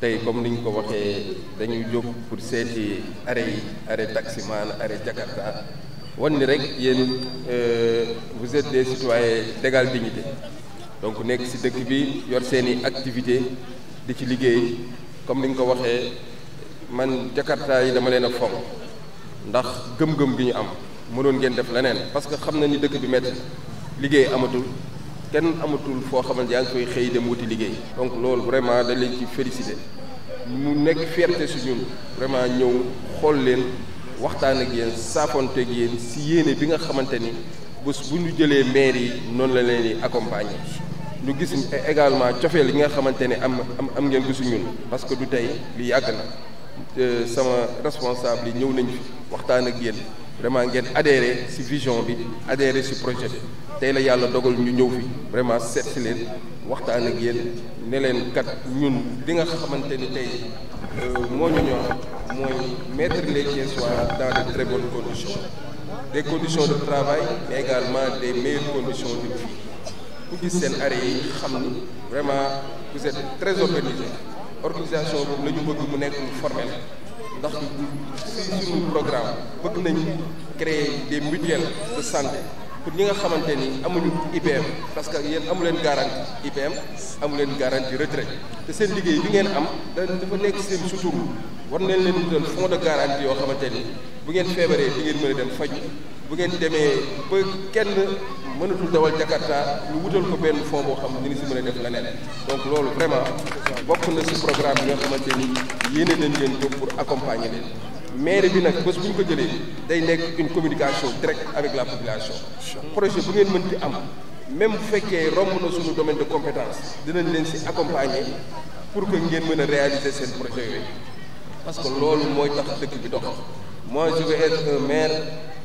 tey comme ni ñu ko waxee dañuy jóg pour seeti arrêt yi arrêt taximan arrêt Jakarta wan ni rek yéen euh, vous êtes des citoyens d'égale dignité donc nekk ci dëkk bi yor seeni activité di ci liggéey comme ni nga ko waxee man Jakarta yi dama leen a fonk ndax gëm-gëm bi ñu am mënoon ngeen def leneen parce que xam na ni dëkk bi metti liggéey amatul kenn amatul foo xamante yaa ngi fay xëy dem wuti liggéey donc loolu vraiment dañ leen ci félicité mu nekk fierté su ñun vraiment ñëw xool leen waxtaan ak yéen saafonte ak yéen si yéene bi nga xamante ni bés bu ñu jëlee maire yi noonu la leen di accompagner ñu gis également cofeel yi nga xamante ne am am ngeen gisu ñun parce que du tey li yàgg na euh, sama responsable yi ñëw nañ fi waxtaan ak yéen vraiment ngeen adhéré ci vision bi adhéré ce projet tel est la yàlla dogal ñu ñëw fi vraiment cette si leen waxtaan ak yéen ne leen kat ñun li nga xamante ni tey euh, moo ñu maître mooy mettre les Thiessois dans de très bonnes conditions des conditions de travail mais également des meilleures conditions de vie ku gis s'en vraiment vous êtes très organisé organisation boobu la ñu bëgg mu formel ndax si suñu programme bëgg nañ créer des mutuelles de santé pour ñi nga xamante ni amuñu IPM parce que yéen amu leen garantie IPM amu leen garantie retraite te seen liggéey bi ngeen am dafa nekk seen sutur war nañ leen utal fonds de garantie yoo xamante ni bu ngeen feebaree bi ngeen mën a dem faj bu ngeen demee ba kenn mënatul dawal Jakarta ñu wutal ko benn fond boo xam ni si mën a def leneen donc loolu vraiment bokk na si programme bi nga xamante ni yéene nañ leen pour accompagner leen maire bi nag bés bu ñu ko jëlee day nekk une communication direct avec la population projet bu ngeen mënti am même bu fekkee romb na suñu domaine de compétence dinañ leen si accompagner pour que ngeen mën a réaliser seen projet yooyu parce que loolu mooy tax dëkk bi dox moi je veux être un maire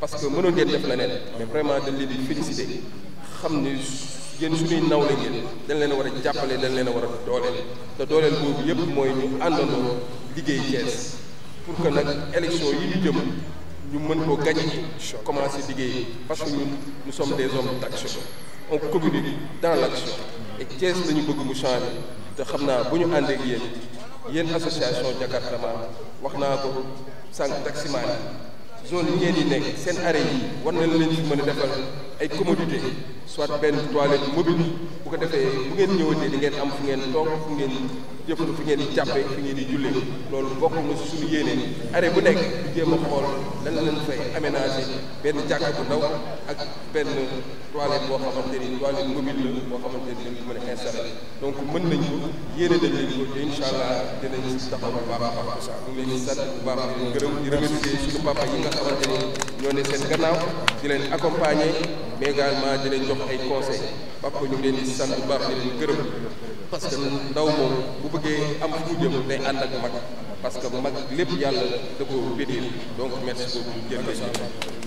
parce que mënoon ngeen def leneen mais vraiment dañ leen di félicité xam ni yéen suñuy naw la ngeen dañ leen war a jàppale dañ leen war a dooleel te dooleel boobu yëpp mooy ñu àndandoo liggéey Thiès pour que nag élection yi ñu jëm ñu mën koo gagné commencé liggéey parce que ñun nous sommes des hommes d'action on communique dans l'action et Thiès dañu bëgg mu changer te xam naa bu ñu àndee ak yéen yéen association Jakartaman wax naa ko sànq taximaan zone yi ngeen di nekk seen arrêt yi war nañ leen ci mën a defal ay commodité soit benn toilette mobile bu ko defee bu ngeen ñëwatee di ngeen am fu ngeen toog fu ngeen jëfandu fu ngeen jàppee fu ngeen di jullee loolu bokk na si suñu yéene arrêt bu nekk di jéem a xool lan lañ fay aménagé benn jàkka bu ndaw ak benn toilette boo xamante ni toilette mobile la boo xamante ni dañ ko mën a installé donc mën nañ ko yéene dañ leen ko te incha allah dinañ si taxaw bu baax a baax ñu ngi leen di sant bu baax di nga xamante ñoo ne seen gannaaw di leen accompagner mais également di leen jox ay conseils papa ñu leen di sant bu baax di leen gërëm parce que ndaw moom bu bëggee am fu jëm day ànd ak mag parce mag lépp yàlla da ko bénir donc merci beaucoup jërëjëf